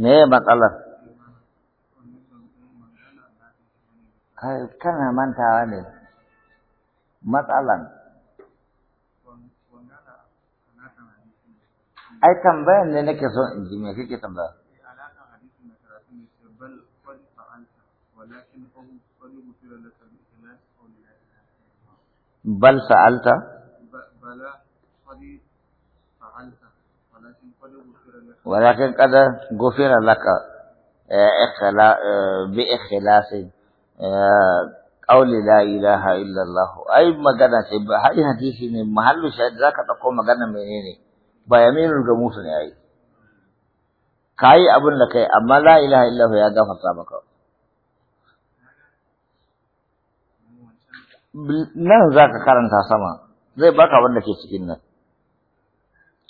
me matsalar kana mantawa ne matsalan ai tambayar ne nake so in ji me kake tambaya bal sa'alta بلى قد فعلت ولكن قد غفر لك ولكن قد غفر لك بإخلاص قول لا إله إلا الله أي مجانا شيء هاي حديثي من محل شاهد ذاك تقوم مجانا منيني بيمين الجموس أي kayi abin da kai amma la ilaha illahu ya gafarta maka nan zaka karanta sama zai baka wanda ke cikin nan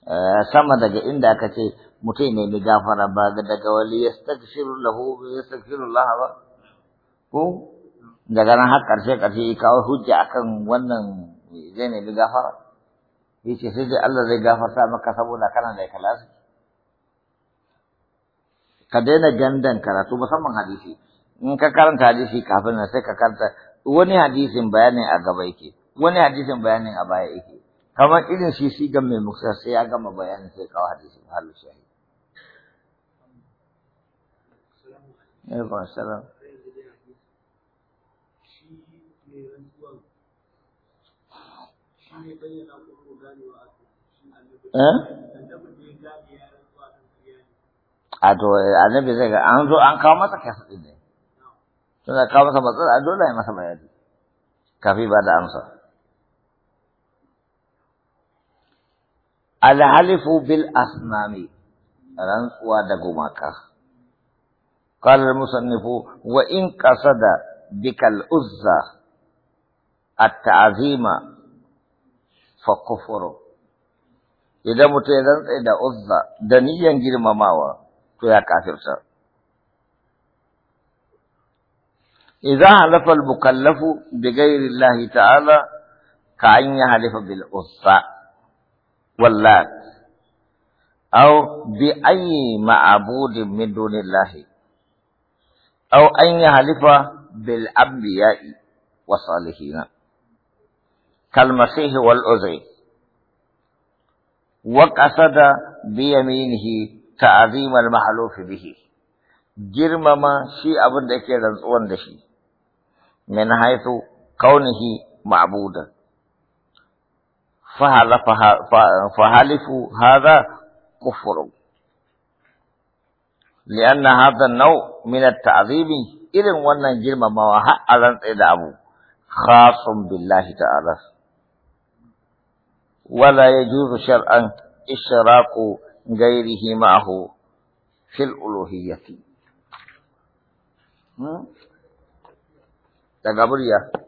eh, sama daga inda aka ce mutum ne mai gafara ba daga wali yastaghfiru lahu yastaghfiru laha ba ko daga nan har karshe karshe ya kawo hujja akan wannan zai ne mai gafara ce sai dai Allah zai gafarta maka saboda kana da ikhlasi ka daina gandan karatu musamman hadisi in ka karanta hadisi kafin nan sai ka karanta wani hadisin bayanin a gaba yake wani hadisin bayanin a baya yake kamar irin shi shi ga mai muksa sai ya gama bayanin sai kawo hadisin halu shahi eh? A to annabi zai ga an zo an kawo masa kasa ɗin ne. Suna kawo masa matsala a dole ya masa bayani. Kafi ba da amsa. الحلف بالاصنام الان سوادك ماك قال المصنف وان قصد بك العزى التعظيم فكفر اذا متيدن اذا عزى دنيا غير ماوا تويا كافر سا اذا حلف المكلف بغير الله تعالى كان يحلف بالعزى واللات أو بأي معبود من دون الله أو أن يحلف بالأنبياء والصالحين كالمسيح والعزيز وقصد بيمينه تعظيم المحلوف به girmama شي abin da من حيث كونه معبودا فهل فهلف هذا كفر لأن هذا النوع من التعذيب إذن وانا جرم وها على الأبو خاص بالله تعالى ولا يجوز شرعا إشراق غيره معه في الألوهية تقبل يا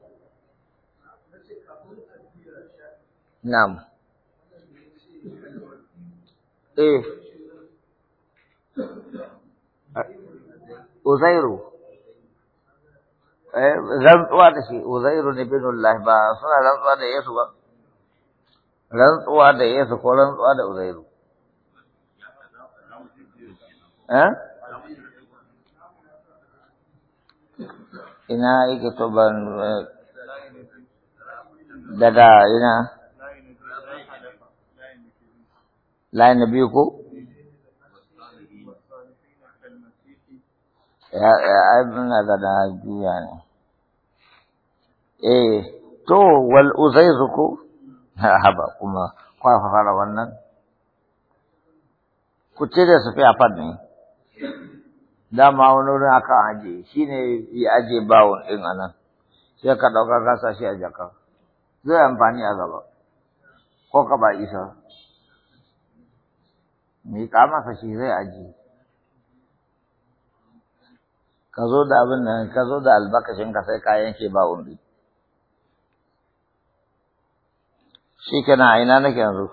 Na'am. Eh. Uh, Uzairu. Eh, rantsuwa da shi, Uzairu ne binullah ba suna rantsuwa da Yesu ba. Rantsuwa da Yesu ko rantsuwa da Uzairu. Eh? Ina yake to ban eh, daga ina. layi biyu ko na da na juya ne eh to wal uzaizu ko haba kuma kwa fara wannan ku ce da su fi a ne dama wani wurin aka aje shi ne ya aje bawon ɗin a nan sai ka ɗauka gasa shi a jaka zai amfani a gaba ko ka ba isa mai masa shi zai ajiye? ka zo da abin nan ka zo da albakashin ka sai ka yanke ba umbi shi kana a ina nake yanzu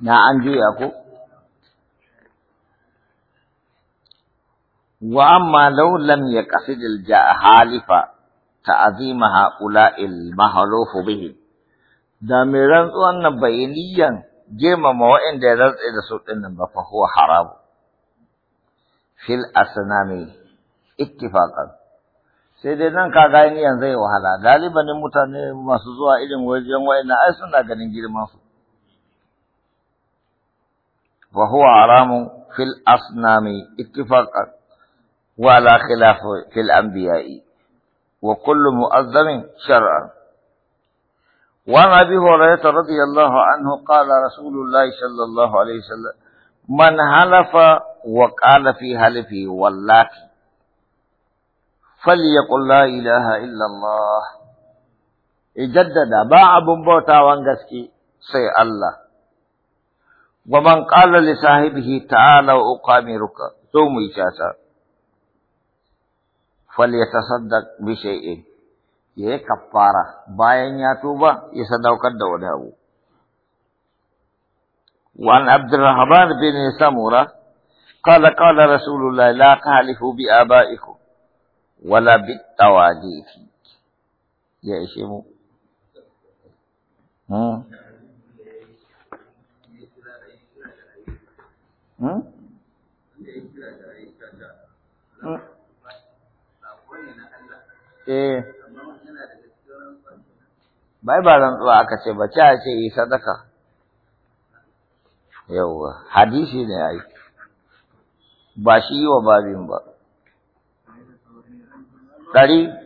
na an juya ko wa amma law lam yaqsid al halifa ta haula al bihi da mai rantsuwan nan bayaniyan girmama waɗanda ya rantse da su ɗin nan ba fa huwa haramu fil asnami ittifaqan sai dai nan kaga ni yanzu zai wahala galibanin mutane masu zuwa irin wajen wa'ina ai suna ganin girman su wa haramun fil asnami ittifaqan wa la khilafu fil anbiya'i wa kullu mu'azzamin shar'an وعن أبي هريرة رضي الله عنه قال رسول الله صلى الله عليه وسلم من حلف وقال في حلفه والله فليقل لا إله إلا الله جدد باع بمبوتا وانغسكي سي الله ومن قال لصاحبه تعالى أقامرك ثم يشاسا فليتصدق بشيء ya yi kaffara bayan ya tuba ya sadaukar da wani abu. وعن عبد الرحمن بن سمرة قال قال رسول الله لا تحلفوا بآبائكم ولا بالتواجيف يا إشمو هم هم ايه bai ba rantsuwa aka ce ba a ce yi sadaka yauwa hadisi ne yi. ba shi yi wa babin ba ɗari